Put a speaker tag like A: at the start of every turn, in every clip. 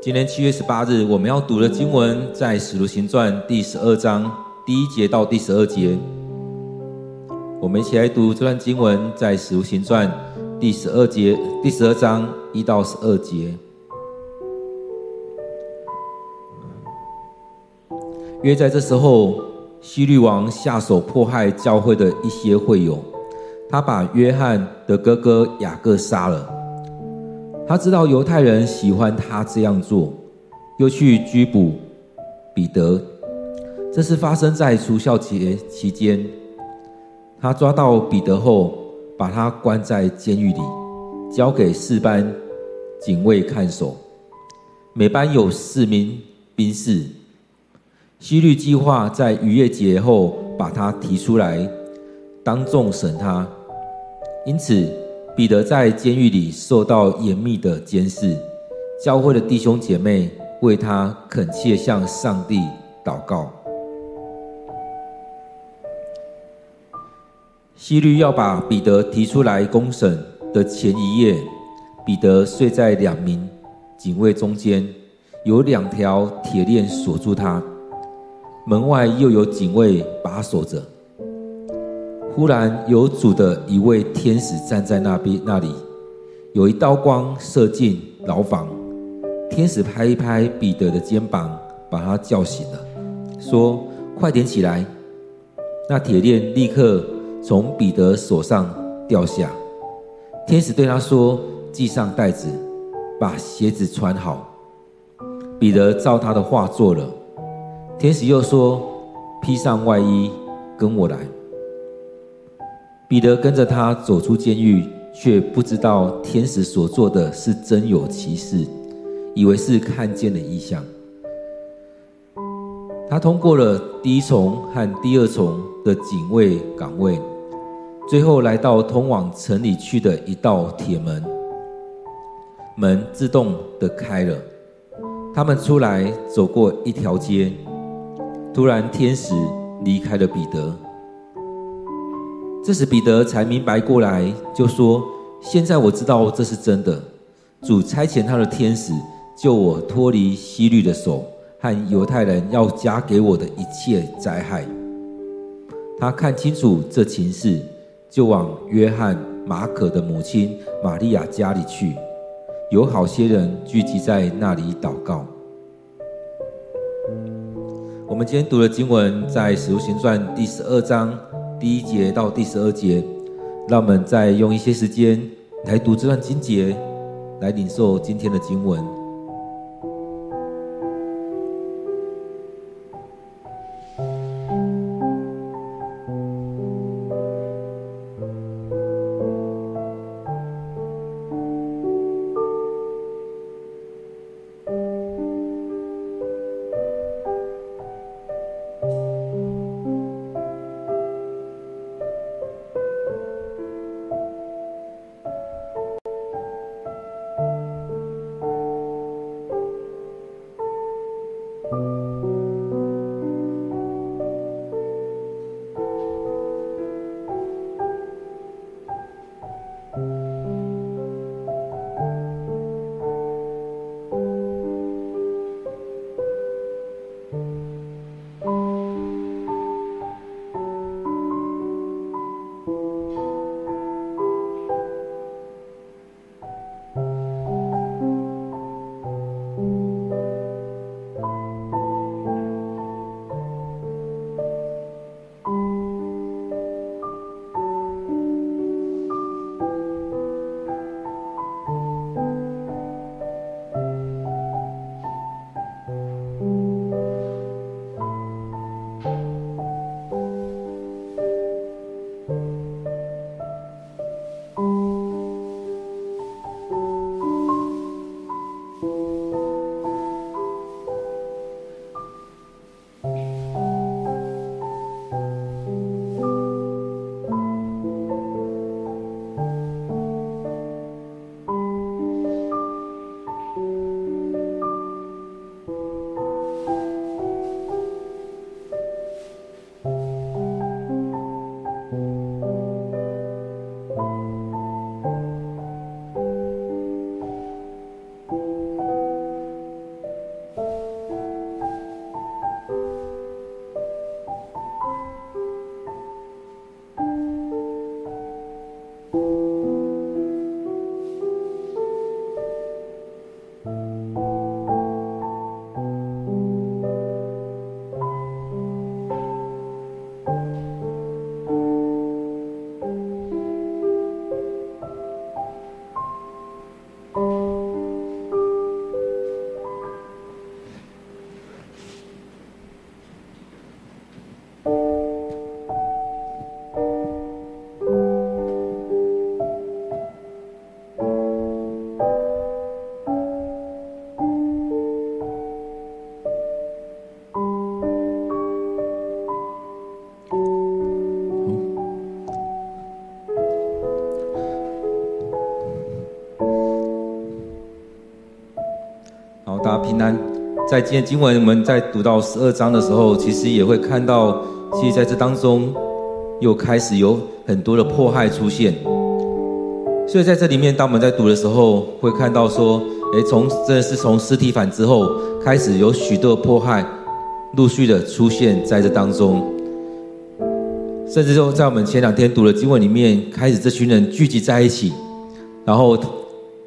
A: 今年七月十八日，我們要讀的經文在《使徒行傳》第十二章第一節到第十二節。我們一起來讀這段經文，在《使徒行傳》第十二節、第十二章一到十二節。約在這時候，希律王下手迫害教會的一些會友，他把約翰的哥哥雅各殺了。他知道猶太人喜歡他這樣做，又去拘捕彼得。這是發生在除酵節期間。他抓到彼得後，把他關在監獄裡，交給四班警衛看守。每班有四名兵士。希律計劃在逾越節後把他提出來，當眾審他。因此，彼得在監獄裡受到嚴密的監視，教會的弟兄姐妹為他懇切向上帝禱告。希律要把彼得提出來公審的前一夜，彼得睡在兩名警衛中間，有兩條鐵鏈鎖住他，門外又有警衛把守着。忽然，有主的一位天使站在那邊那裡，有一道光射進牢房。天使拍一拍彼得的肩膀，把他叫醒了，說：“快點起來！”那鐵鏈立刻從彼得手上掉下。天使對他說：“繫上帶子，把鞋子穿好。”彼得照他的話做了。天使又說：“披上外衣，跟我來。”彼得跟着他走出監獄，卻不知道天使所做的是真有其事，以為是看見了異象。他通過了第一重和第二重的警衛崗位，最後來到通往城裡去的一道鐵門，門自動的開了。他們出來走過一條街，突然天使離開了彼得。這時彼得才明白過來，就說：“現在我知道這是真的。主差遣他的天使救我脫離希律的手和猶太人要加給我的一切災害。”他看清楚這情勢，就往約翰、馬可的母親瑪利亞家裡去。有好些人聚集在那裡禱告。我們今天讀的經文在《使徒行傳》第十二章。第一節到第十二節，讓我們再用一些時間來讀這段經節，來領受今天的經文。那在今天經文，我們在讀到十二章的時候，其實也會看到，其實在這當中又開始有很多的迫害出現。所以在這裡面，當我們在讀的時候，會看到說，哎，從真的是從司提反之後，開始有許多迫害陸續的出現在這當中。甚至就在我們前兩天讀的經文裡面，開始這群人聚集在一起，然後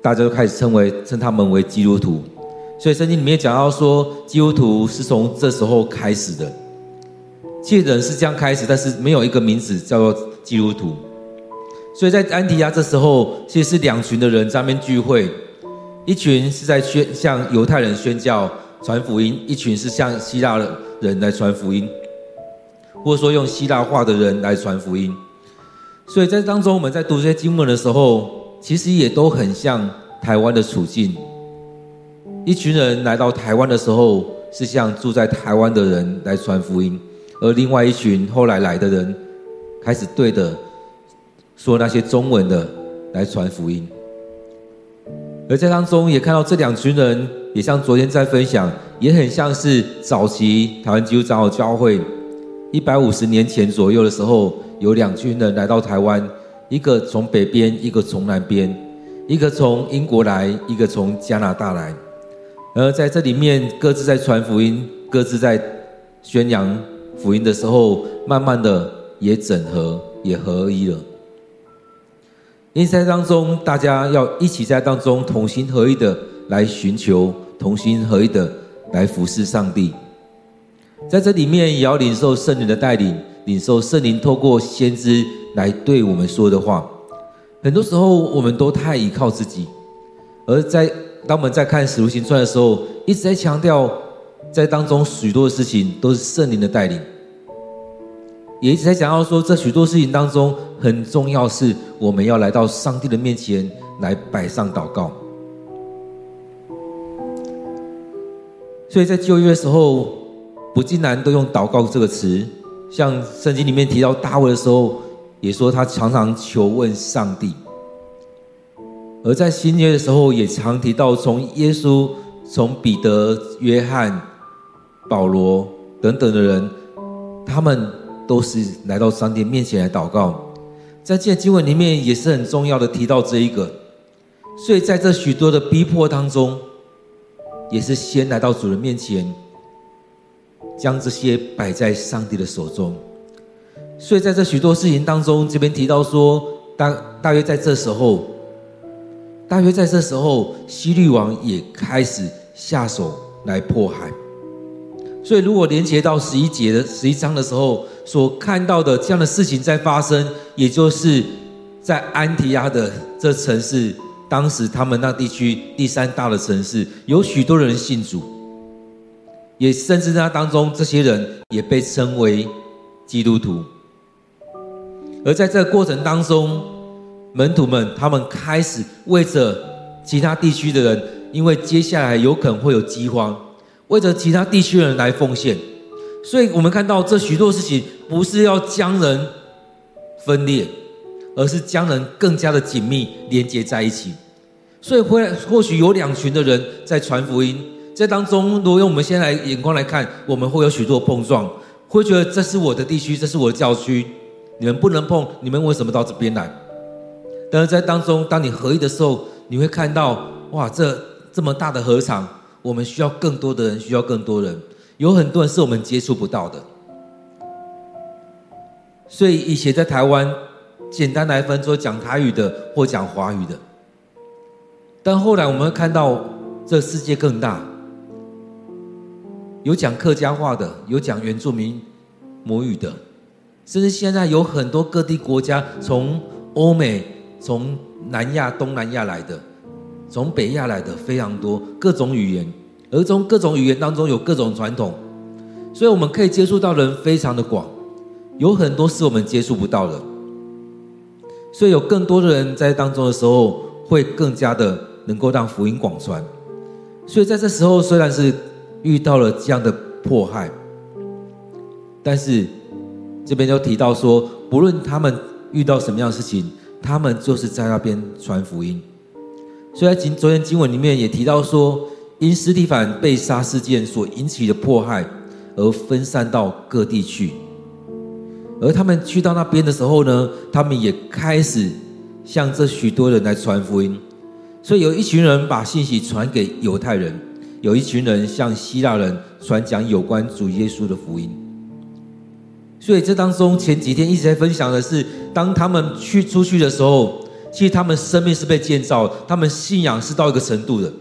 A: 大家都開始稱為稱他們為基督徒。所以聖經裡面講到說，基督徒是從這時候開始的。其實人是這樣開始，但是沒有一個名字叫做基督徒。所以在安提阿這時候，其實是兩群的人在那邊聚會，一群是在宣向猶太人宣教傳福音，一群是向希臘的人來傳福音，或者說用希臘話的人來傳福音。所以在當中，我們在讀這些經文的時候，其實也都很像台灣的處境。一群人來到台灣的時候，是向住在台灣的人來傳福音；而另外一群後來來的人，開始對的說那些中文的來傳福音。而在當中也看到這兩群人，也像昨天在分享，也很像是早期台灣基督長老教會一百五十年前左右的時候，有兩群人來到台灣，一個從北邊，一個從南邊，一個從英國來，一個從加拿大來。而在這裡面，各自在傳福音，各自在宣揚福音的時候，慢慢的也整合，也合一了。因為在當中，大家要一起在當中同心合一的來尋求，同心合一的來服侍上帝。在這裡面，也要領受聖靈的帶領，領受聖靈透過先知來對我們說的話。很多時候，我們都太依靠自己，而在。當我們在看《使徒行傳》的時候，一直在強調，在當中許多的事情都是聖靈的帶領，也一直在講到說，在許多事情當中，很重要是我們要來到上帝的面前來擺上禱告。所以在舊約的時候，不盡然都用禱告這個詞，像聖經裡面提到大衛的時候，也說他常常求問上帝。而在新約的時候，也常提到從耶穌、從彼得、約翰、保羅等等的人，他們都是來到上帝面前來禱告。在這些經文裡面，也是很重要的提到這一個。所以在這許多的逼迫當中，也是先來到主人面前，將這些擺在上帝的手中。所以在這許多事情當中，這邊提到說，大大約在這時候。大約在這時候，希律王也開始下手來迫害。所以，如果連接到十一節的十一章的時候，所看到的這樣的事情在發生，也就是在安提阿的這城市，當時他們那地區第三大的城市，有許多人信主，也甚至那當中，這些人也被稱為基督徒。而在這個過程當中，門徒們，他們開始為着其他地區的人，因為接下來有可能會有饑荒，為着其他地區的人來奉獻。所以，我們看到這許多事情，不是要將人分裂，而是將人更加的緊密連接在一起。所以，或或許有兩群的人在傳福音，在當中，如果用我們現在眼光來看，我們會有許多碰撞，會覺得這是我的地區，這是我的教區，你們不能碰，你們為什麼到這邊來？但是在當中，當你合一的時候，你會看到哇，這這麼大的禾場，我們需要更多的人，需要更多人，有很多人是我們接觸不到的。所以以前在台灣，簡單來分說，講台語的或講華語的。但後來我們會看到，這世界更大，有講客家話的，有講原住民母語的，甚至現在有很多各地國家，從歐美。從南亞、東南亞來的，從北亞來的非常多，各種語言，而從各種語言當中有各種傳統，所以我們可以接觸到的人非常的廣，有很多是我們接觸不到的，所以有更多的人在當中的時候，會更加的能夠讓福音廣傳。所以在這時候，雖然是遇到了這樣的迫害，但是這邊就提到說，不論他們遇到什麼樣的事情。他們就是在那邊傳福音，所以在今昨天經文裡面也提到說，因司提反被殺事件所引起的迫害而分散到各地去，而他們去到那邊的時候呢，他們也開始向這許多人來傳福音，所以有一群人把信息傳給猶太人，有一群人向希臘人傳講有關主耶穌的福音。所以這當中，前幾天一直在分享的是，當他們去出去的時候，其實他們生命是被建造，他們信仰是到一個程度的，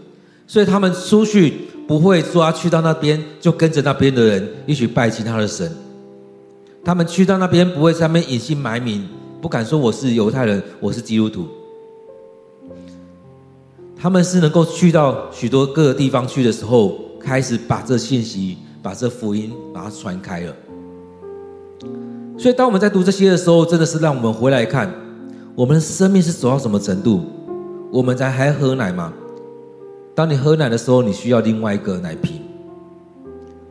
A: 所以他們出去不會說去到那邊就跟着那邊的人一起拜其他的神，他們去到那邊不會在那邊隱姓埋名，不敢說我是猶太人，我是基督徒，他們是能夠去到許多各個地方去的時候，開始把這信息、把這福音把它傳開了。所以，當我們在讀這些的時候，真的是讓我們回來看我們的生命是走到什麼程度，我們才還喝奶嗎？當你喝奶的時候，你需要另外一個奶瓶；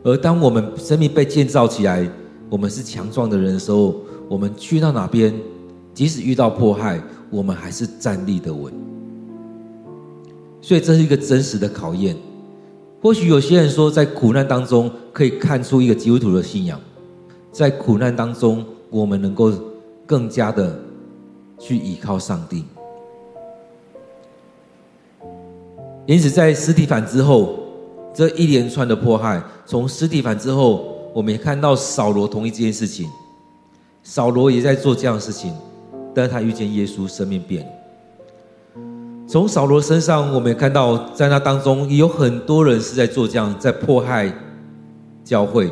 A: 而當我們生命被建造起來，我們是強壯的人的時候，我們去到哪邊，即使遇到迫害，我們還是站立得穩。所以，這是一個真實的考驗。或許有些人說，在苦難當中可以看出一個基督徒的信仰。在苦難當中，我們能夠更加的去依靠上帝。因此，在司提反之後，這一連串的迫害，從司提反之後，我們也看到掃羅同意這件事情，掃羅也在做這樣的事情，但是他遇見耶穌，生命變了。從掃羅身上，我們也看到，在那當中也有很多人是在做這樣，在迫害教會。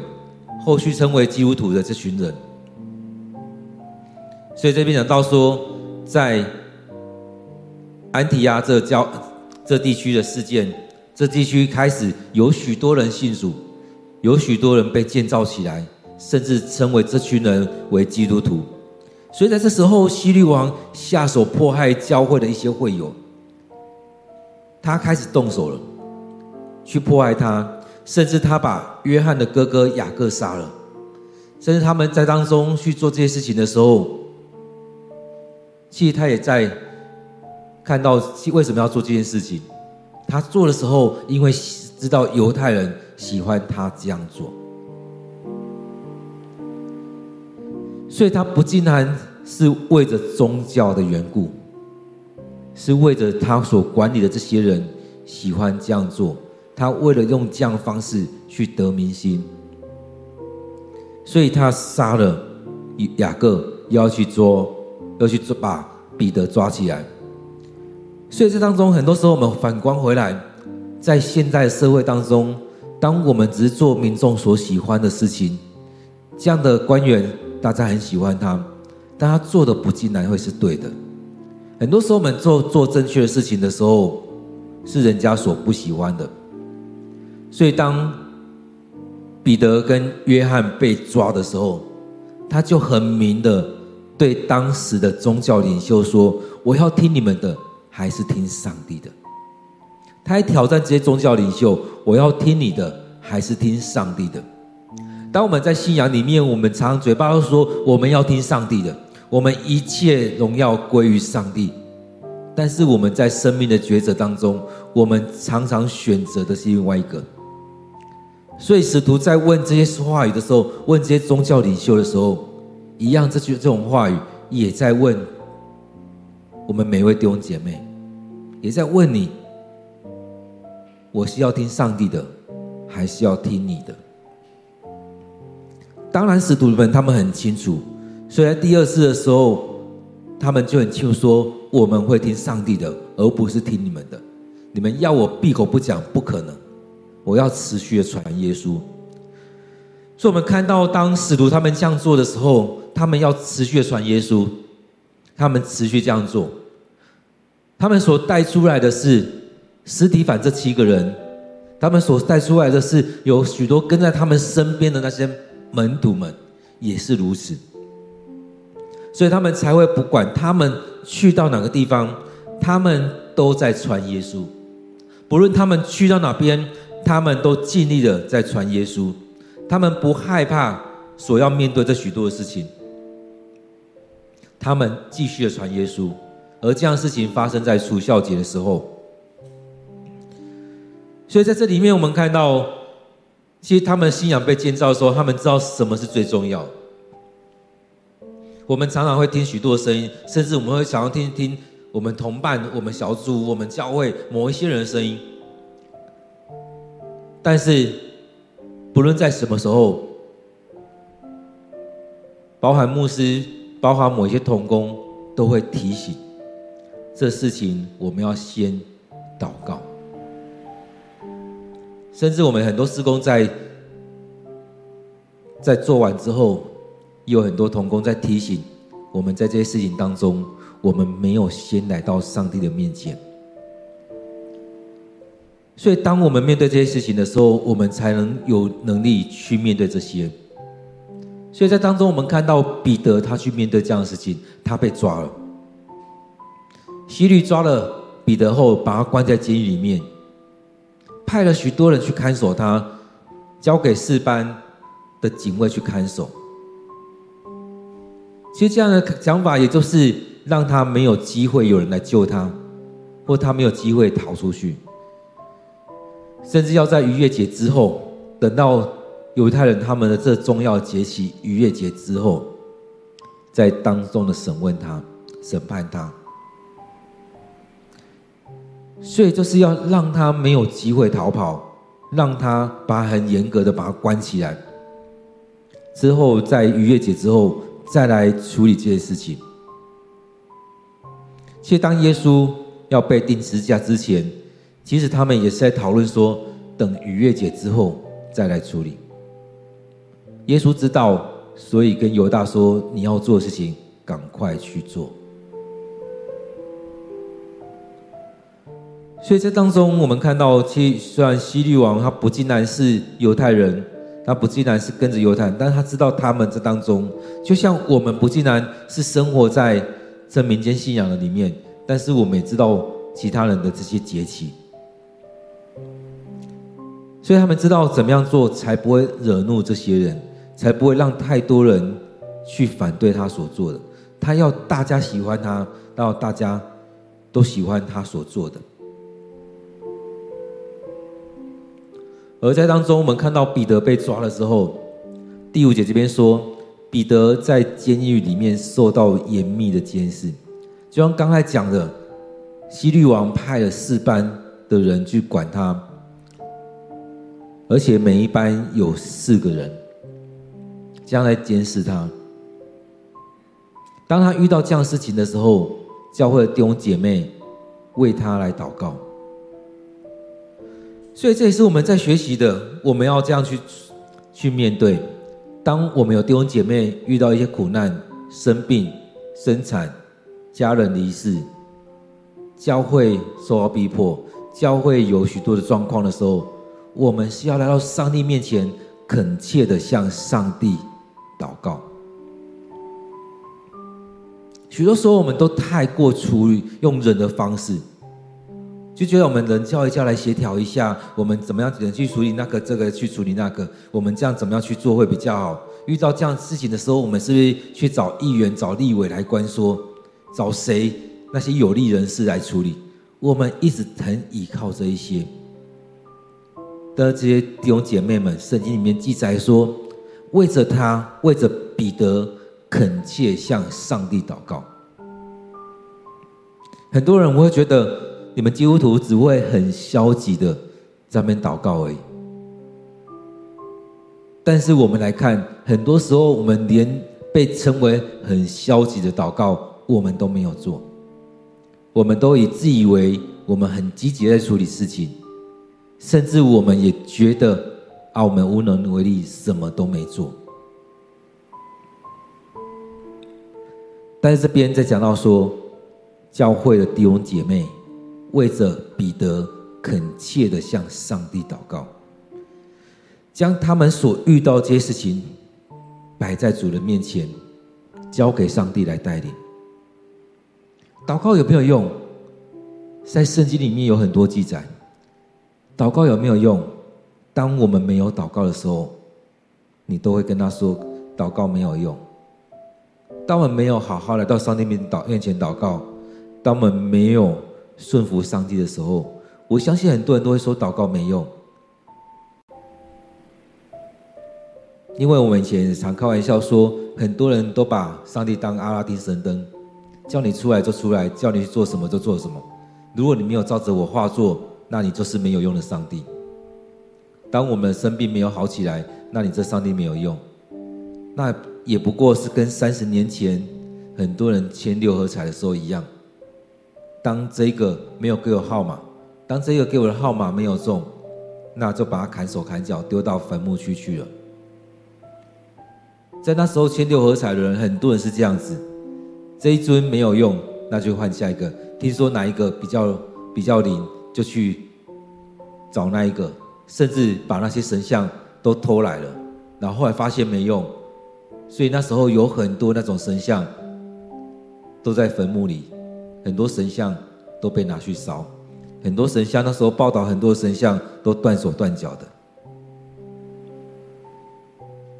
A: 後續稱為基督徒的這群人，所以這邊講到說，在安提亞這教這地區的事件，這地區開始有許多人信主，有許多人被建造起來，甚至稱為這群人為基督徒。所以在這時候，希律王下手迫害教會的一些會友，他開始動手了，去迫害他。甚至他把約翰的哥哥雅各殺了，甚至他們在當中去做這些事情的時候，其實他也在看到為什麼要做這件事情。他做的時候，因為知道猶太人喜歡他這樣做，所以他不竟然是為着宗教的緣故，是為着他所管理的這些人喜歡這樣做。他為了用這樣的方式去得民心，所以他殺了雅各，又要去捉，又去把彼得抓起來。所以這當中，很多時候我們反觀回來，在現代社會當中，當我們只是做民眾所喜歡的事情，這樣的官員大家很喜歡他，但他做的不盡然會是對的。很多時候我們做做正確的事情的時候，是人家所不喜歡的。所以，當彼得跟約翰被抓的時候，他就很明的對當時的宗教領袖說：“我要聽你們的，還是聽上帝的？”他還挑戰這些宗教領袖：“我要聽你的，還是聽上帝的？”當我們在信仰裡面，我們常常嘴巴都說我們要聽上帝的，我們一切榮耀歸於上帝。但是我們在生命的抉擇當中，我們常常選擇的是另外一個。所以，使徒在問這些話語的時候，問這些宗教領袖的時候，一樣，這句這種話語也在問我們每位弟兄姐妹，也在問你：我是要聽上帝的，還是要聽你的？當然，使徒們他們很清楚，雖然第二次的時候，他們就很清楚說：我們會聽上帝的，而不是聽你們的。你們要我閉口不講，不可能。我要持續的傳耶穌，所以，我們看到當使徒他們這樣做的時候，他們要持續的傳耶穌，他們持續這樣做，他們所帶出來的是司提反這七個人，他們所帶出來的是有許多跟在他們身邊的那些門徒們也是如此，所以，他們才會不管他們去到哪個地方，他們都在傳耶穌，不論他們去到哪邊，他們都盡力的在傳耶穌，他們不害怕所要面對這許多的事情，他們繼續的傳耶穌，而這樣的事情發生在除酵節的時候。所以在這裡面，我們看到，其實他們信仰被建造的時候，他們知道什麼是最重要。我們常常會聽許多聲音，甚至我們會想要聽聽我們同伴、我們小組、我們教會某一些人的聲音。但是，不論在什麼時候，包含牧師，包含某一些同工，都會提醒這事情，我們要先禱告。甚至我們很多事工在在做完之後，有很多同工在提醒我們在這些事情當中，我們沒有先來到上帝的面前。所以，當我們面對這些事情的時候，我們才能有能力去面對這些。所以在當中，我們看到彼得他去面對這樣的事情，他被抓了。希律抓了彼得後，把他關在監獄裡面，派了許多人去看守他，交給四班的警衛去看守。其實，這樣的想法也就是讓他沒有機會有人來救他，或他沒有機會逃出去。甚至要在逾越節之後，等到猶太人他們的這重要節期逾越節之後，再當眾的審問他，審判他，所以就是要讓他沒有機會逃跑，讓他把很嚴格的把他關起來，之後在逾越節之後再來處理這些事情。其實當耶穌要被釘十字架之前，其實他們也是在討論說，等逾越節之後再來處理。耶穌知道，所以跟猶大說：“你要做的事情，趕快去做。”所以這當中，我們看到，其雖然希律王他不盡然是猶太人，他不盡然是跟着猶太人，但他知道他們這當中，就像我們不盡然是生活在這民間信仰的裡面，但是我們也知道其他人的這些節期所以他們知道怎麼樣做才不會惹怒這些人，才不會讓太多人去反對他所做的。他要大家喜歡他，到大家都喜歡他所做的。而在當中，我們看到彼得被抓了之後，第五節這邊說，彼得在監獄裡面受到嚴密的監視，就像剛才講的，希律王派了四班的人去管他。而且每一班有四個人，這樣來監視他。當他遇到這樣事情的時候，教會的弟兄姐妹為他來禱告。所以這也是我們在學習的，我們要這樣去去面對。當我們有弟兄姐妹遇到一些苦難、生病、生產、家人離世、教會受到逼迫、教會有許多的狀況的時候。我們是要來到上帝面前，懇切地向上帝禱告。許多時候，我們都太過處於用人的方式，就覺得我們人叫一叫來協調一下，我們怎麼樣子去處理那個這個，去處理那個，我們這樣怎麼樣去做會比較好？遇到這樣的事情的時候，我們是不是去找議員、找立委來關說，找誰那些有力人士來處理？我們一直很倚靠這一些。的這些弟兄姐妹們，聖經裡面記載說，為着他，為着彼得，懇切向上帝禱告。很多人會覺得，你們基督徒只會很消極的在那邊禱告而已。但是我們來看，很多時候我們連被稱為很消極的禱告，我們都沒有做。我們都以自以為我們很積極在處理事情。甚至我們也覺得啊，我們無能為力，什麼都沒做。但是這邊在講到說，教會的弟兄姐妹為着彼得懇切的向上帝禱告，將他們所遇到這些事情擺在主人面前，交給上帝來帶領。禱告有沒有用？在聖經裡面有很多記載。禱告有沒有用？當我們沒有禱告的時候，你都會跟他說禱告沒有用。當我們沒有好好來到上帝面禱面前禱告，當我們沒有順服上帝的時候，我相信很多人都會說禱告沒用。因為我們以前常開玩笑說，很多人都把上帝當阿拉丁神燈，叫你出來就出來，叫你去做什麼就做什麼。如果你沒有照着我畫作。那你就是沒有用的上帝。當我們的生病沒有好起來，那你這上帝沒有用。那也不過是跟三十年前很多人簽六合彩的時候一樣。當這個沒有給我號碼，當這個給我的號碼沒有中，那就把它砍手砍腳，丟到墳墓區去去了。在那時候簽六合彩的人，很多人是這樣子：這一尊沒有用，那就換下一個。聽說哪一個比較比較靈？就去找那一個，甚至把那些神像都偷來了，然後後來發現沒用，所以那時候有很多那種神像都在墳墓裡，很多神像都被拿去燒，很多神像那時候報道很多神像都斷手斷腳的，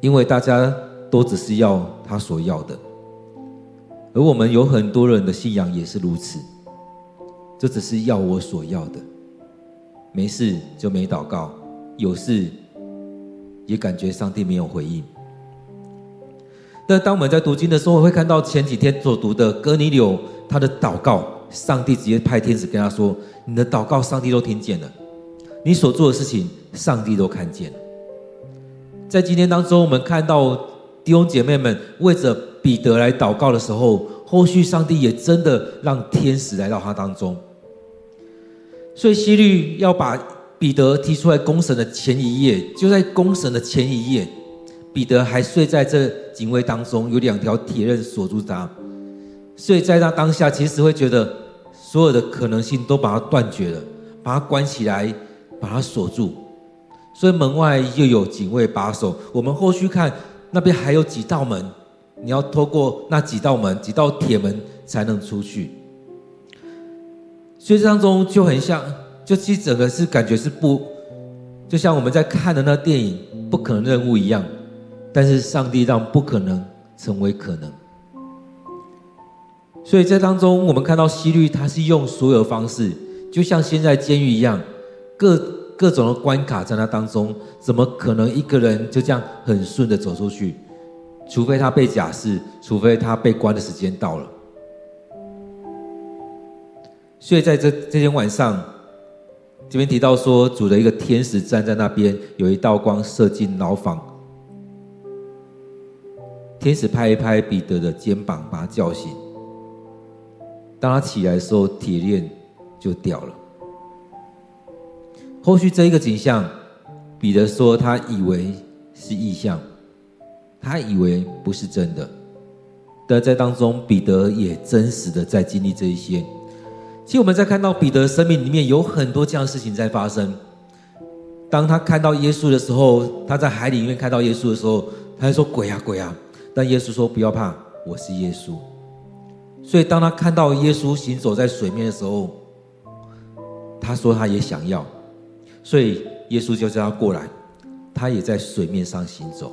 A: 因為大家都只是要他所要的，而我們有很多人的信仰也是如此。這只是要我所要的，沒事就沒禱告，有事也感覺上帝沒有回應。但當我們在讀經的時候，會看到前幾天所讀的哥尼流他的禱告，上帝直接派天使跟他說：“你的禱告，上帝都聽見了；你所做的事情，上帝都看見了。”在今天當中，我們看到弟兄姐妹們為着彼得來禱告的時候，後續上帝也真的讓天使來到他當中。所以希律要把彼得提出來公審的前一夜，就在公審的前一夜，彼得還睡在這警衛當中，有兩條鐵鏈鎖住他。所以在他當下，其實會覺得所有的可能性都把他斷絕了，把他關起來，把他鎖住。所以門外又有警衛把守。我們後續看那邊還有幾道門，你要透過那幾道門、幾道鐵門才能出去。所以這當中就很像，就其實整個是感覺是不，就像我們在看的那電影《不可能任務》一樣，但是上帝讓不可能成為可能。所以這當中，我們看到希律，他是用所有方式，就像現在監獄一樣，各各種的關卡在那當中，怎麼可能一個人就這樣很順的走出去？除非他被假釋，除非他被關的時間到了。所以在這這天晚上，這邊提到說，主的一個天使站在那邊，有一道光射進牢房。天使拍一拍彼得的肩膀，把他叫醒。當他起來的時候，鐵鏈就掉了。後續這一個景象，彼得說他以為是異象，他以為不是真的，但在當中，彼得也真實的在經歷這一些。其實我們在看到彼得生命裡面有很多這樣的事情在發生。當他看到耶穌的時候，他在海裡面看到耶穌的時候，他就說：“鬼啊鬼啊！”但耶穌說：“不要怕，我是耶穌。”所以當他看到耶穌行走在水面的時候，他說他也想要，所以耶穌就叫他過來，他也在水面上行走。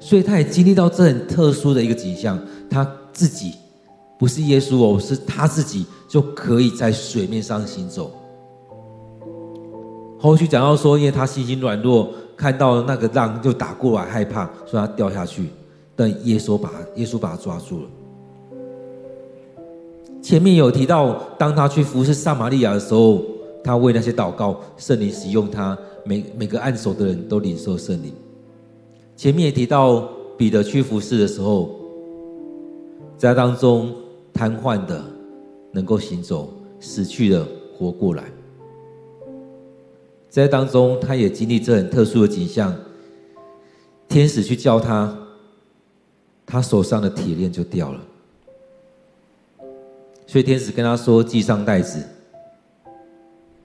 A: 所以他也經歷到這很特殊的一個景象，他自己。不是耶穌哦，是他自己就可以在水面上行走。後續講到說，因為他信心軟弱，看到那個浪就打過來，害怕，所以他掉下去，但耶穌把他耶穌把他抓住了。前面有提到，當他去服侍撒瑪利亞的時候，他為那些禱告，聖靈使用他，每每個按手的人都領受聖靈。前面也提到彼得去服侍的時候，在當中。癱瘓的能夠行走，死去的活過來，在當中他也經歷這很特殊的景象。天使去叫他，他手上的鐵鏈就掉了，所以天使跟他說：“繫上帶子，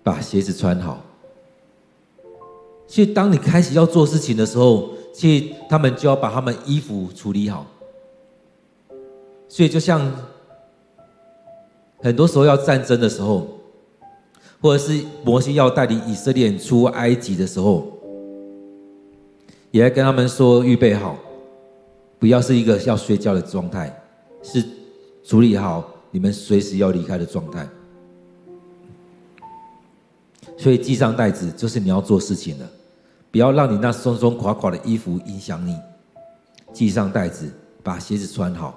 A: 把鞋子穿好。”所以當你開始要做事情的時候，他們就要把他們衣服處理好，所以就像。很多時候要戰爭的時候，或者是摩西要帶領以色列出埃及的時候，也來跟他們說：預備好，不要是一個要睡覺的狀態，是處理好你們隨時要離開的狀態。所以繫上帶子，就是你要做事情了，不要讓你那鬆鬆垮垮的衣服影響你。繫上帶子，把鞋子穿好。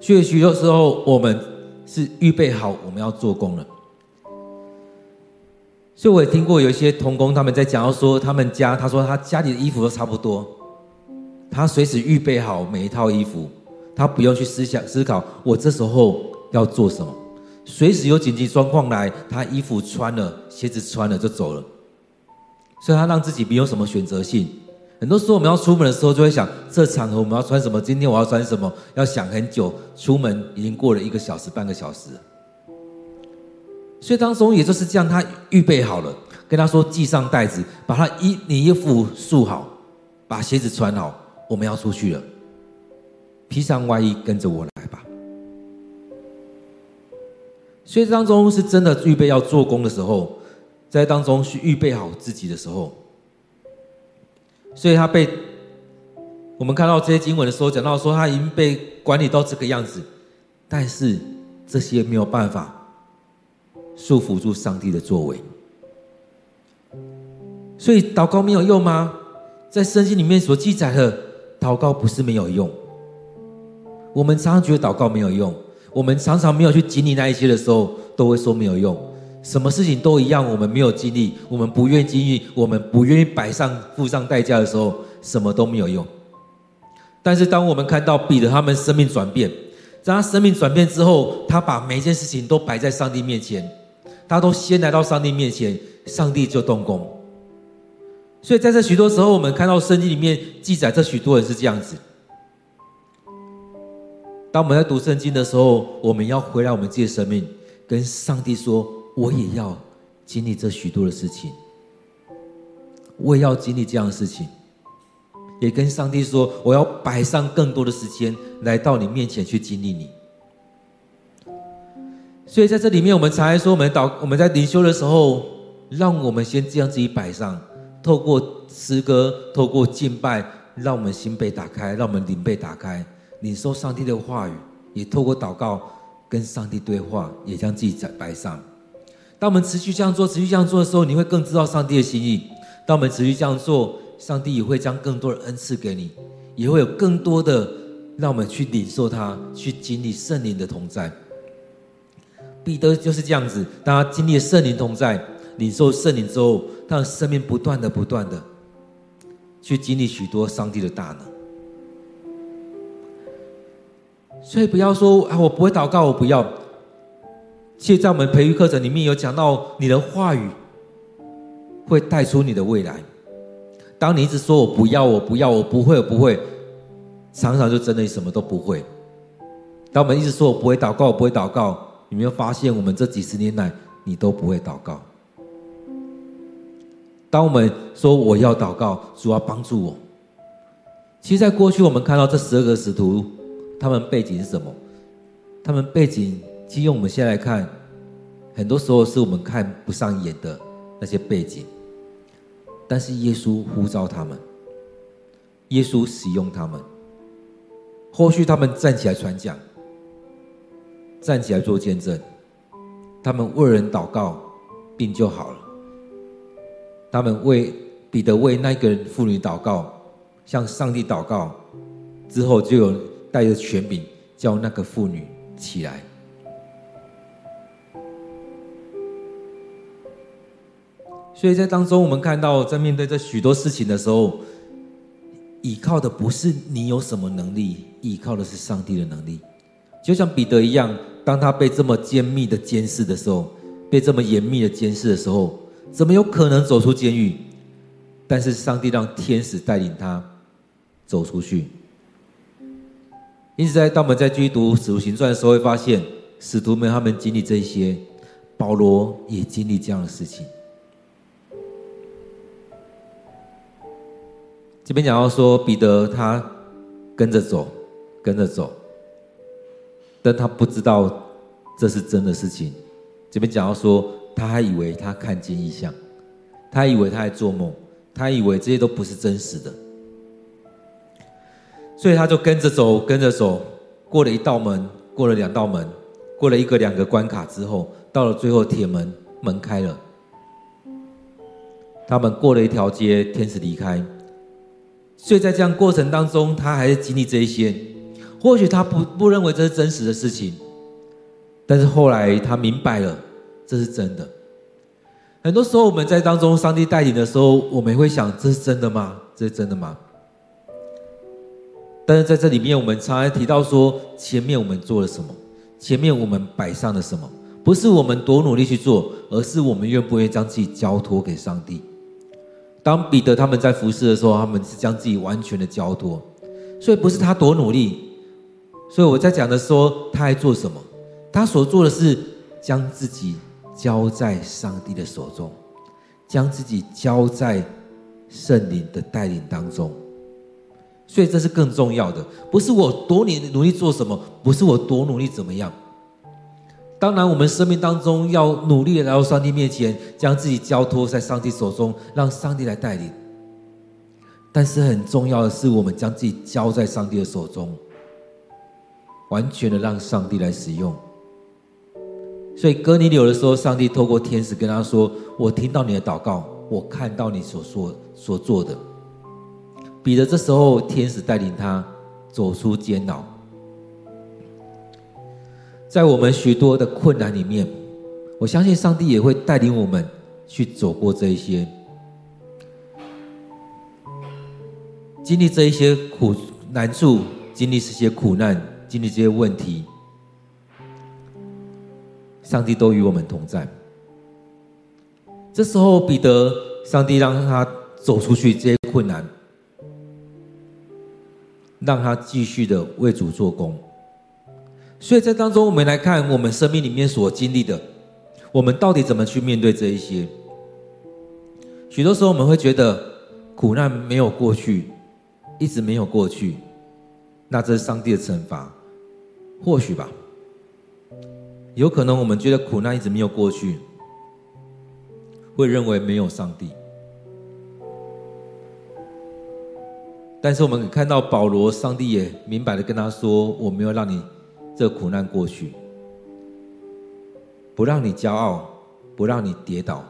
A: 所以許多時候，我們是預備好我們要做工了。所以我也聽過有一些同工，他們在講到說，他們家他說他家裡的衣服都差不多，他隨時預備好每一套衣服，他不用去思想思考我這時候要做什麼，隨時有緊急狀況來，他衣服穿了，鞋子穿了就走了，所以他讓自己沒有什麼選擇性。很多時候，我們要出門的時候，就會想這場合我們要穿什麼？今天我要穿什麼？要想很久，出門已經過了一個小時、半個小時。所以當中也就是這樣，他預備好了，跟他說，繫上帶子，把他衣、你衣服束好，把鞋子穿好，我們要出去了，披上外衣，跟着我來吧。所以當中是真的預備要做工的時候，在當中去預備好自己的時候。所以，他被我們看到這些經文的時候，講到說他已經被管理到這個樣子，但是這些沒有辦法束縛住上帝的作為。所以，禱告沒有用嗎？在聖經裡面所記載的禱告不是沒有用。我們常常覺得禱告沒有用，我們常常沒有去經歷那一些的時候，都會說沒有用。什麼事情都一樣，我們沒有經歷，我們不願意經歷，我們不願意擺上、付上代價的時候，什麼都沒有用。但是，當我們看到彼得他們生命轉變，在他生命轉變之後，他把每一件事情都擺在上帝面前，他都先來到上帝面前，上帝就動工。所以，在這許多時候，我們看到聖經裡面記載，這許多人是這樣子。當我們在讀聖經的時候，我們要回來我們自己的生命，跟上帝說。我也要經歷這許多的事情，我也要經歷這樣的事情，也跟上帝說，我要擺上更多的時間來到你面前去經歷你。所以在這裡面，我們常來說，我們禱，我們在靈修的時候，讓我們先將自己擺上，透過詩歌，透過敬拜，讓我們心被打開，讓我們靈被打開，領受上帝的話語，也透過禱告跟上帝對話，也將自己在擺上。當我們持續這樣做、持續這樣做的時候，你會更知道上帝的心意。當我們持續這樣做，上帝也會將更多的恩賜給你，也會有更多的讓我們去領受他、去經歷聖靈的同在。彼得就是這樣子，當他經歷了聖靈同在、領受聖靈之後，他的生命不斷的、不斷的去經歷許多上帝的大能。所以，不要說啊，我不會禱告，我不要。現在我們培育課程裡面有講到，你的話語會帶出你的未來。當你一直說我不要，我不要，我不會，我不會，常常就真的什麼都不會。當我們一直說我不會禱告，我不會禱告，你沒有發現我們這幾十年來你都不會禱告？當我們說我要禱告，主，要幫助我。其實，在過去我們看到這十二個使徒，他們背景是什麼？他們背景。其實我們先來看，很多時候是我們看不上眼的那些背景，但是耶穌呼召他們，耶穌使用他們，後續他們站起來傳講，站起來做見證，他們為人禱告，病就好了。他們為彼得為那個婦女禱告，向上帝禱告之後，就有帶着權柄叫那個婦女起來。所以在當中，我們看到，在面對這許多事情的時候，依靠的不是你有什麼能力，依靠的是上帝的能力。就像彼得一樣，當他被這麼嚴密的監視的時候，被這麼嚴密的監視的時候，怎麼有可能走出監獄？但是上帝讓天使帶領他走出去。因此在，在當我們在讀《使徒行傳》的時候，會發現使徒們他們經歷這些，保羅也經歷這樣的事情。這邊講到說，彼得他跟着走，跟着走，但他不知道這是真的事情。這邊講到說，他還以為他看見異象，他以為他在做夢，他以為這些都不是真實的，所以他就跟着走，跟着走，過了一道門，過了兩道門，過了一個兩個關卡之後，到了最後鐵門，門開了。他們過了一條街，天使離開。所以在這樣過程當中，他還是經歷這一些，或許他不不認為這是真實的事情，但是後來他明白了，這是真的。很多時候我們在當中上帝帶領的時候，我們會想這是真的嗎？這是真的嗎？但是在這裡面，我們常常提到說前面我們做了什麼，前面我們擺上了什麼，不是我們多努力去做，而是我們願不願意將自己交託給上帝。當彼得他們在服侍的時候，他們是將自己完全的交托，所以不是他多努力，所以我在講的說，他還做什麼？他所做的是將自己交在上帝的手中，將自己交在聖靈的帶領當中，所以這是更重要的，不是我多年努力做什麼，不是我多努力怎麼樣。當然，我們生命當中要努力的來到上帝面前，將自己交托在上帝手中，讓上帝來帶領。但是很重要的是，我們將自己交在上帝的手中，完全的讓上帝來使用。所以哥尼流的時候，上帝透過天使跟他說：“我聽到你的禱告，我看到你所說所做的。”彼得這時候，天使帶領他走出監牢。在我們許多的困難裡面，我相信上帝也會帶領我們去走過這一些，經歷這一些苦難處，經歷這些苦難，經，經歷這些問題，上帝都與我們同在。這時候，彼得，上帝讓他走出去這些困難，讓他繼續的為主做工。所以，在當中，我們來看我們生命裡面所經歷的，我們到底怎麼去面對這一些？許多時候，我們會覺得苦難沒有過去，一直沒有過去，那這是上帝的懲罰，或許吧？有可能我們覺得苦難一直沒有過去，會認為沒有上帝。但是，我們看到保羅，上帝也明白的跟他說：“我沒有讓你。”這苦難過去，不讓你驕傲，不讓你跌倒。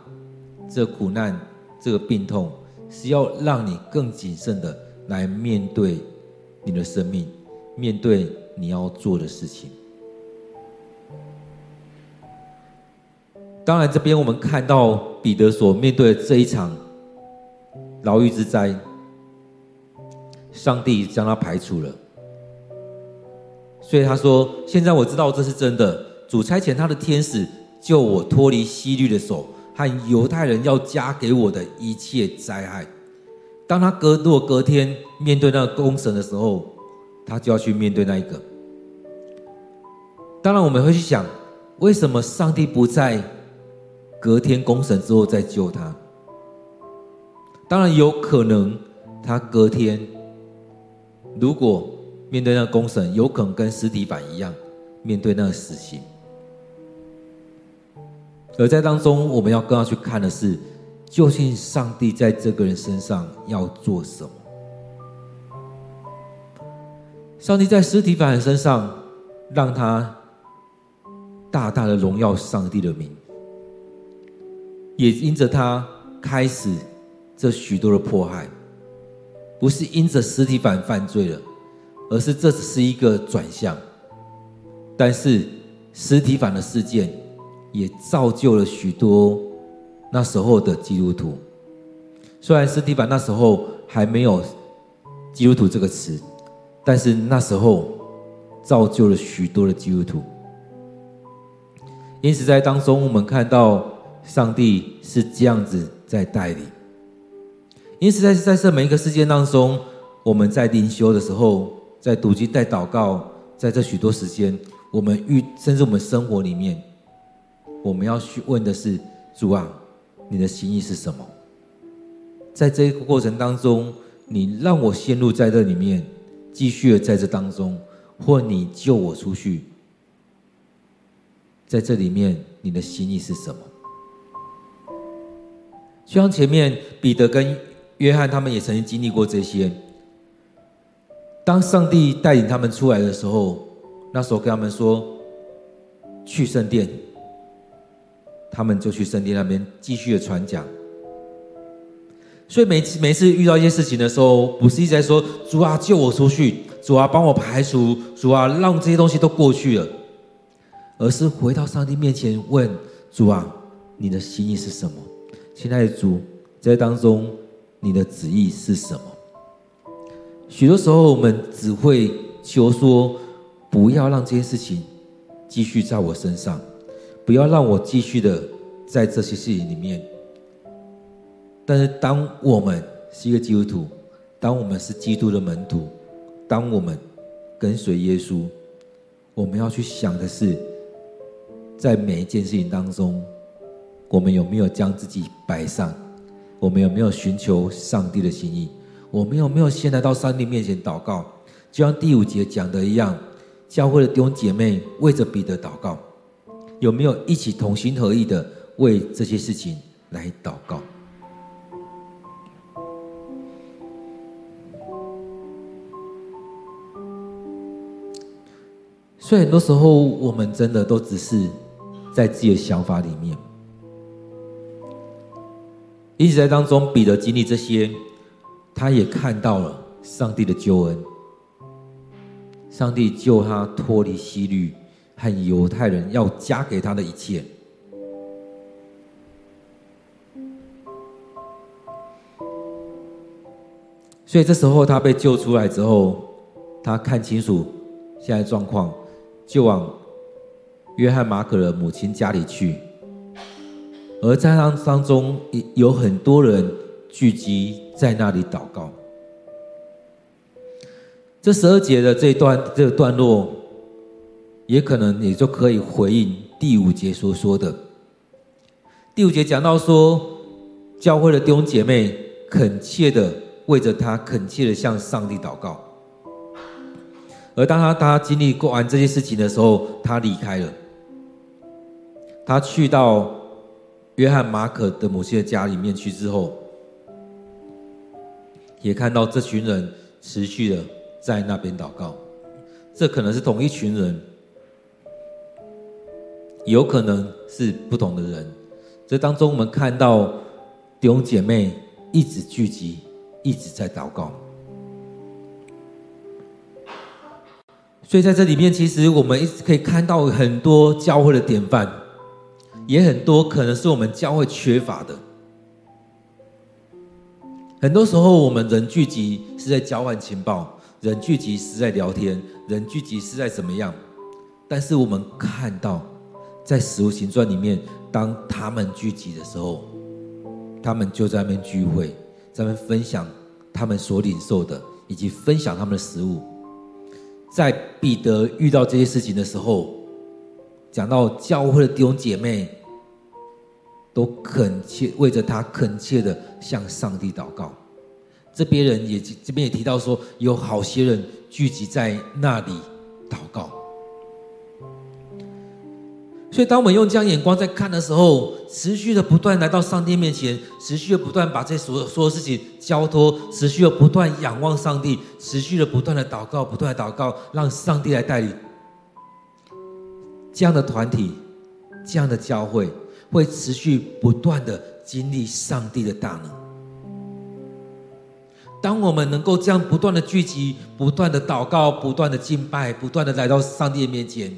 A: 這苦難、這個病痛，是要讓你更謹慎的來面對你的生命，面對你要做的事情。當然，這邊我們看到彼得所面對的這一場牢獄之災，上帝將他排除了。所以他說：“現在我知道這是真的。主差遣他的天使救我脫離希律的手和猶太人要加給我的一切災害。當他隔若隔天面對那個公審的時候，他就要去面對那一個。當然我們會去想，為什麼上帝不在隔天公審之後再救他？當然有可能，他隔天如果。”面對那個公審，有可能跟司提反一樣面對那個死刑。而在當中，我們要更要去看的是，究竟上帝在這個人身上要做什麼？上帝在司提反的身上，讓他大大的榮耀上帝的名，也因着他開始這許多的迫害，不是因着司提反犯罪了。而是這只是一個轉向，但是司提反的事件也造就了許多那時候的基督徒。雖然司提反那時候還沒有基督徒這個詞，但是那時候造就了許多的基督徒。因此，在當中我們看到上帝是這樣子在帶領。因此，在在這每一個事件當中，我們在靈修的時候。在讀經、帶禱告，在這許多時間，我們遇，甚至我們生活裡面，我們要去問的是：主啊，你的心意是什麼？在這個過程當中，你讓我陷入在這裡面，繼續在這當中，或你救我出去，在這裡面，你的心意是什麼？就像前面彼得跟約翰他們也曾經經歷過這些。當上帝帶領他們出來的時候，那時候跟他們說去聖殿，他們就去聖殿那邊繼續的傳講。所以每次每次遇到一些事情的時候，不是一直在說，主啊救我出去，主啊幫我排除，主啊讓這些東西都過去了，而是回到上帝面前問，主啊，你的心意是什麼？親愛的主，在當中你的旨意是什麼？許多時候，我們只會求說：“不要讓這些事情繼續在我身上，不要讓我繼續的在這些事情裡面。”但是，當我們是一個基督徒，當我們是基督的門徒，當我們跟隨耶穌，我們要去想的是，在每一件事情當中，我們有沒有將自己擺上？我們有沒有尋求上帝的心意？我們有沒有先來到上帝面前禱告？就像第五節講的一樣，教會的弟兄姐妹為着彼得禱告，有沒有一起同心合意的為這些事情來禱告？所以很多時候，我們真的都只是在自己的想法裡面，一直在當中，彼得經歷這些。他也看到了上帝的救恩，上帝救他脫離希律和猶太人要加給他的一切。所以這時候他被救出來之後，他看清楚現在狀況，就往約翰馬可的母親家裡去。而在他當中，有很多人聚集。在那裡禱告。這十二節的這段這個段落，也可能也就可以回應第五節所說的。第五節講到說，教會的弟兄姐妹懇切的為着他，懇切的向上帝禱告。而當他他經歷過完這些事情的時候，他離開了。他去到約翰馬可的母親的家裡面去之後。也看到這群人持續的在那邊禱告，這可能是同一群人，有可能是不同的人。這當中我們看到弟兄姐妹一直聚集，一直在禱告。所以在這裡面，其實我們一直可以看到很多教會的典範，也很多可能是我們教會缺乏的。很多時候，我們人聚集是在交換情報，人聚集是在聊天，人聚集是在怎麼樣？但是我們看到，在使徒行傳裡面，當他們聚集的時候，他們就在那邊聚會，在那邊分享他們所領受的，以及分享他們的食物。在彼得遇到這些事情的時候，講到教會的弟兄姐妹。我懇切為着他懇切的向上帝禱告，這邊人也這邊也提到說，有好些人聚集在那裡禱告。所以，當我們用這樣眼光在看的時候，持續的不斷的來到上帝面前，持續的不斷的把這所所有事情交托，持續的不斷的仰望上帝，持續的不斷的禱告，不斷的禱告，讓上帝來帶領這樣的團體，這樣的教會。會持續不斷的經歷上帝的大能。當我們能夠這樣不斷的聚集、不斷的禱告、不斷的敬拜、不斷的來到上帝的面前，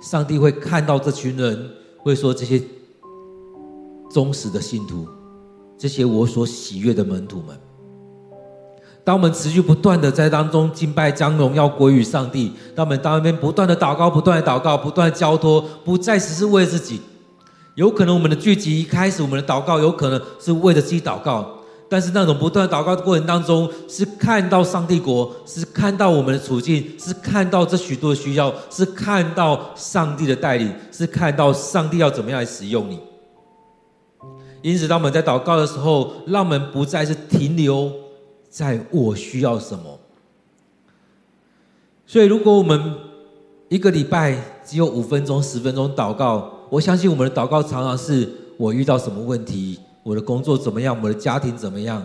A: 上帝會看到這群人，會說這些忠實的信徒，這些我所喜悅的門徒們。當我們持續不斷的在當中敬拜，將榮耀歸於上帝；當我們當面不斷的禱告、不斷的禱告、不斷的不斷的交托，不再只是為了自己。有可能我們的聚集一開始，我們的禱告有可能是為了自己禱告，但是那種不斷的禱告的過程當中，是看到上帝國，是看到我們的處境，是看到這許多的需要，是看到上帝的帶領，是看到上帝要怎麼樣來使用你。因此，當我們在禱告的時候，讓我們不再是停留在“我需要什麼”。所以，如果我們一個禮拜只有五分鐘、十分鐘禱告，我相信我們的禱告常常是我遇到什麼問題，我的工作怎麼樣，我的家庭怎麼樣，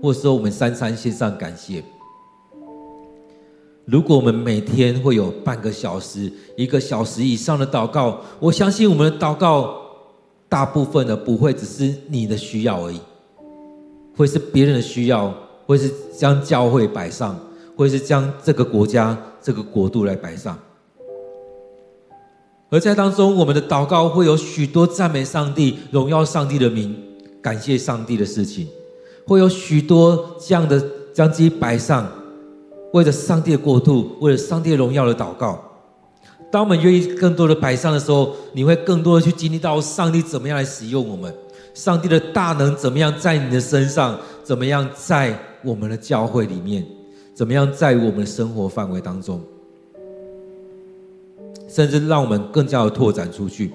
A: 或者說我們三餐獻上感謝。如果我們每天會有半個小時、一個小時以上的禱告，我相信我們的禱告大部分的不會只是你的需要而已，會是別人的需要，會是將教會擺上，會是將這個國家、這個國度來擺上。而在當中，我們的禱告會有許多讚美上帝、榮耀上帝的名、感謝上帝的事情，會有許多這樣的將自己擺上，為了上帝的國度，為了上帝的榮耀的禱告。當我們願意更多的擺上的時候，你會更多的去經歷到上帝怎麼樣來使用我們，上帝的大能怎麼樣在你的身上，怎麼樣在我們的教會裡面，怎麼樣在我們的生活範圍當中。甚至讓我們更加的拓展出去。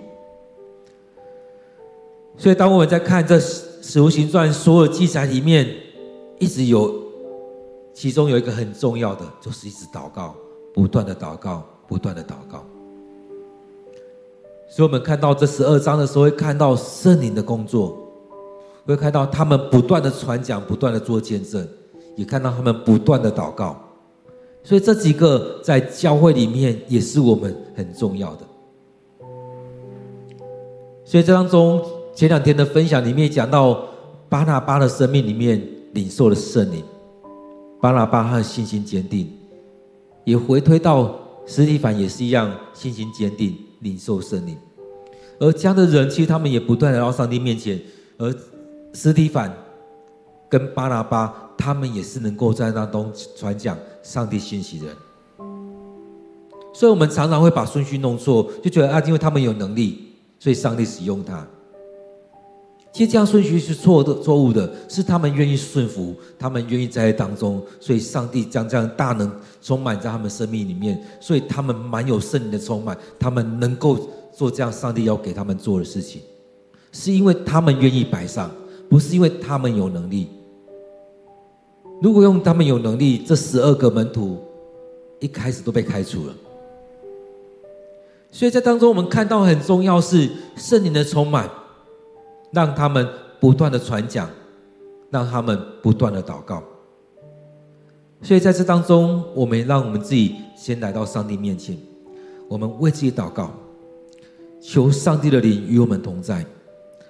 A: 所以，當我們在看這《使徒行傳》所有記載裡面，一直有其中有一個很重要的，就是一直禱告，不斷的禱告，不斷的禱告。所以，我們看到這十二章的時候，會看到聖靈的工作，會看到他們不斷的傳講，不斷的做見證，也看到他們不斷的禱告。所以這幾個在教會裡面也是我們很重要的。所以這當中前兩天的分享裡面也講到巴拿巴的生命裡面領受了聖靈，巴拿巴他的信心堅定，也回推到司提反也是一樣信心堅定領受聖靈，而這樣的人其實他們也不斷來到上帝面前，而司提反跟巴拿巴他們也是能夠在那中傳講。上帝興起人，所以我們常常會把順序弄錯，就覺得啊，因為他們有能力，所以上帝使用他。其實這樣順序是錯的，錯誤的，是他們願意順服，他們願意在，在當中，所以上帝將這樣大能充滿在他們生命裡面，所以他們滿有聖靈的充滿，他們能夠做這樣上帝要給他們做的事情，是因為他們願意擺上，不是因為他們有能力。如果用他們有能力，這十二個門徒一開始都被開除了。所以在當中，我們看到很重要是聖靈的充滿，讓他們不斷的傳講，讓他們不斷的禱告。所以在這當中，我們也讓我們自己先來到上帝面前，我們為自己禱告，求上帝的靈與我們同在，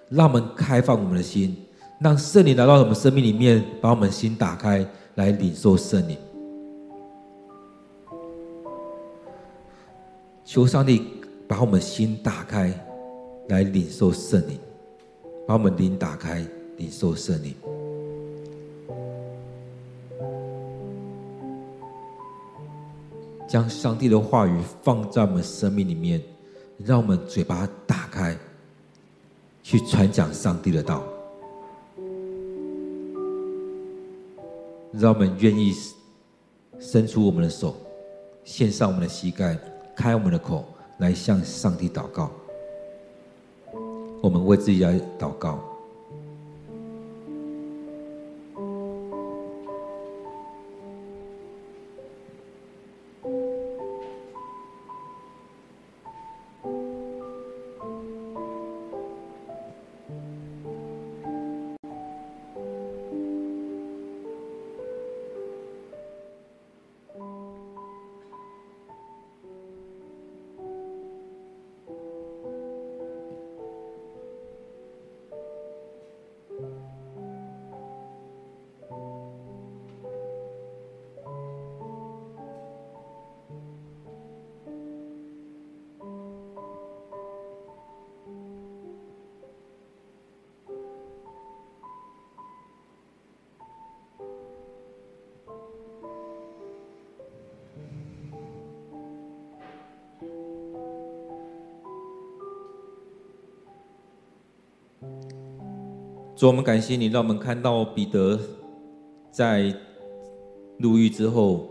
A: 讓我們開放我們的心。讓聖靈來到我們生命裡面，把我們的心打開，來領受聖靈。求上帝把我們的心打開，來領受聖靈，把我們靈打開，領受聖靈。將上帝的話語放在我們生命裡面，讓我們嘴巴打開，去傳講上帝的道。讓我們願意伸出我們的手，獻上我們的膝蓋，開我們的口，來向上帝禱告。我們為自己來禱告。主，我們感謝你，讓我們看到彼得在入獄之後，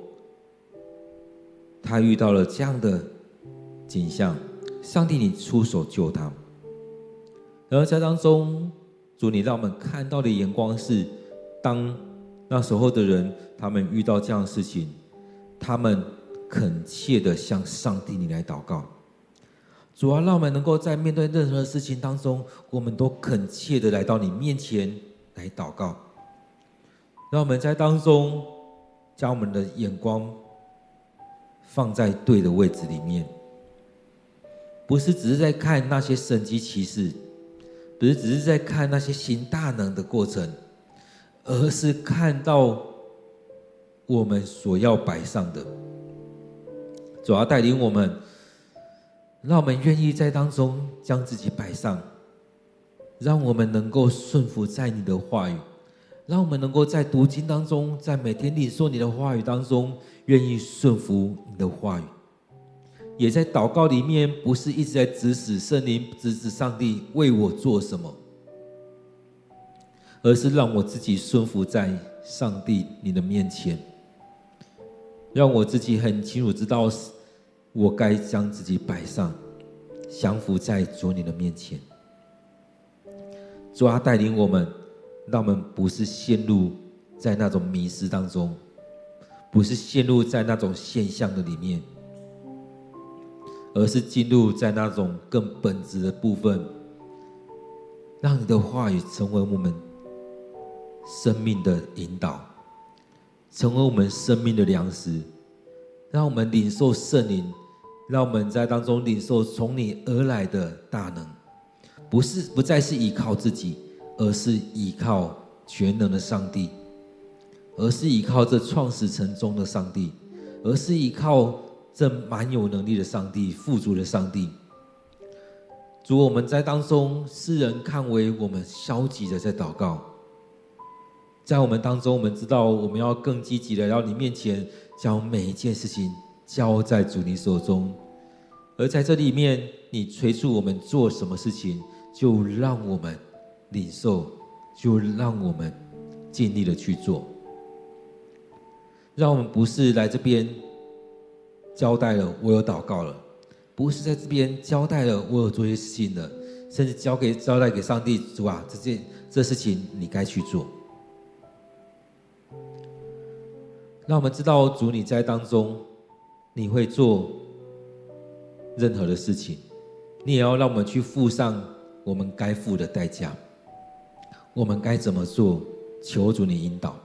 A: 他遇到了這樣的景象。上帝，你出手救他。然後在當中，主你讓我們看到的眼光是，當那時候的人他們遇到這樣的事情，他們懇切的向上帝你來禱告。主要讓我們能夠在面對任何的事情當中，我們都懇切的來到你面前來禱告，讓我們在當中將我們的眼光放在對的位置裡面，不是只是在看那些神蹟奇事，不是只是在看那些行大能的過程，而是看到我們所要擺上的，主要帶領我們。讓我們願意在當中將自己擺上，讓我們能夠順服在你的話語；讓我們能夠在讀經當中，在每天領受你的話語當中，願意順服你的話語；也在禱告裡面，不是一直在指使聖靈、指使上帝為我做什麼，而是讓我自己順服在上帝你的面前，讓我自己很清楚知道。我該將自己擺上，降服在主你的面前。主阿，帶領我們，讓我們不是陷入在那種迷失當中，不是陷入在那種現象的裡面，而是進入在那種更本質的部分，讓你的話語成為我們生命的引導，成為我們生命的糧食。讓我們領受聖靈，讓我們在當中領受從你而來的大能，不是，不再是依靠自己，而是依靠全能的上帝，而是依靠這創始成終的上帝，而是依靠這蠻有能力的上帝、富足的上帝。主，我們在當中，世人看為我們消極的在禱告，在我們當中，我們知道我們要更積極的到你面前。將每一件事情交在主你手中，而在這裡面，你催促我們做什麼事情，就讓我們領受，就讓我們盡力的去做。讓我們不是來這邊交代了我有禱告了，不是在這邊交代了我有做些事情了，甚至交給交代給上帝，主啊，這件這事情你該去做。讓我們知道主，你在當中，你會做任何的事情，你也要讓我們去付上我們該付的代價。我們該怎麼做？求主你引導。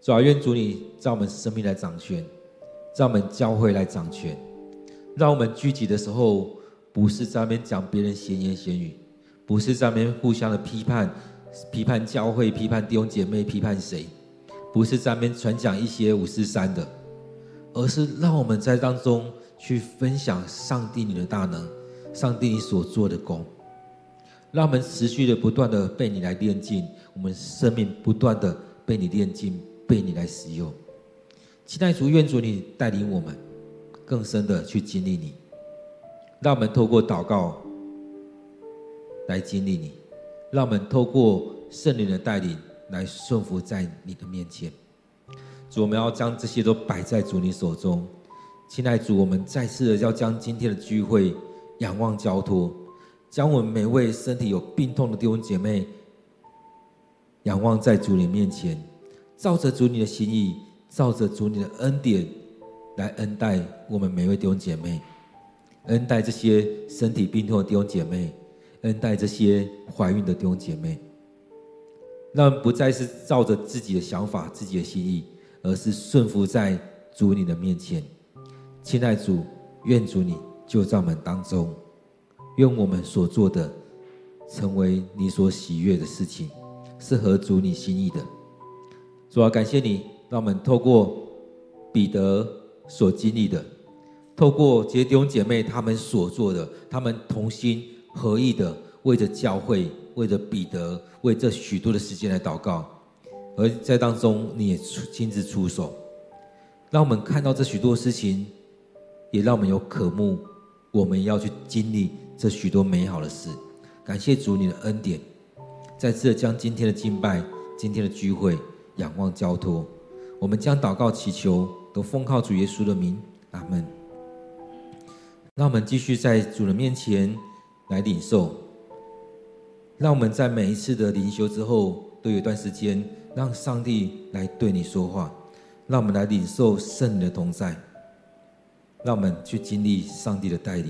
A: 主啊，願主你在我們生命來掌權，在我們教會來掌權。讓我們聚集的時候，不是在那邊講別人閒言閒語，不是在那邊互相的批判、批判教會、批判弟兄姐妹、批判誰。不是咱們傳講一些五四三的，而是讓我們在當中去分享上帝你的大能，上帝你所做的工，讓我們持續的不斷的被你來煉淨，我們生命不斷的被你煉淨，被你來使用。期待主，願主你帶領我們更深的去經歷你，讓我們透過禱告來經歷你，讓我們透過聖靈的帶領來順服在你的面前，主，我們要將這些都擺在主你手中。親愛主，我們再次的要將今天的聚會仰望交托，將我們每位身體有病痛的弟兄姐妹仰望在主你面前，照着主你的心意，照着主你的恩典來恩待我們每位弟兄姐妹，恩待這些身體病痛的弟兄姐妹，恩待這些懷孕的弟兄姐妹。讓不再是照着自己的想法、自己的心意，而是順服在主你的面前。親愛主，願主你就在我們當中，願我們所做的成為你所喜悅的事情，是合主你心意的。主要感謝你，讓我們透過彼得所經歷的，透過弟兄姐妹他們所做的，他們同心合意的為着教會。為了彼得，為這許多的時間來禱告，而在當中你也親自出手，讓我們看到這許多的事情，也讓我們有渴慕，我們要去經歷這許多美好的事。感謝主你的恩典，再次將今天的敬拜、今天的聚會、仰望交托，我們將禱告、祈求都奉靠主耶穌的名，阿門。讓我們繼續在主的面前來領受。讓我們在每一次的靈修之後，都有一段時間，讓上帝來對你說話，讓我們來領受聖靈的同在，讓我們去經歷上帝的帶領。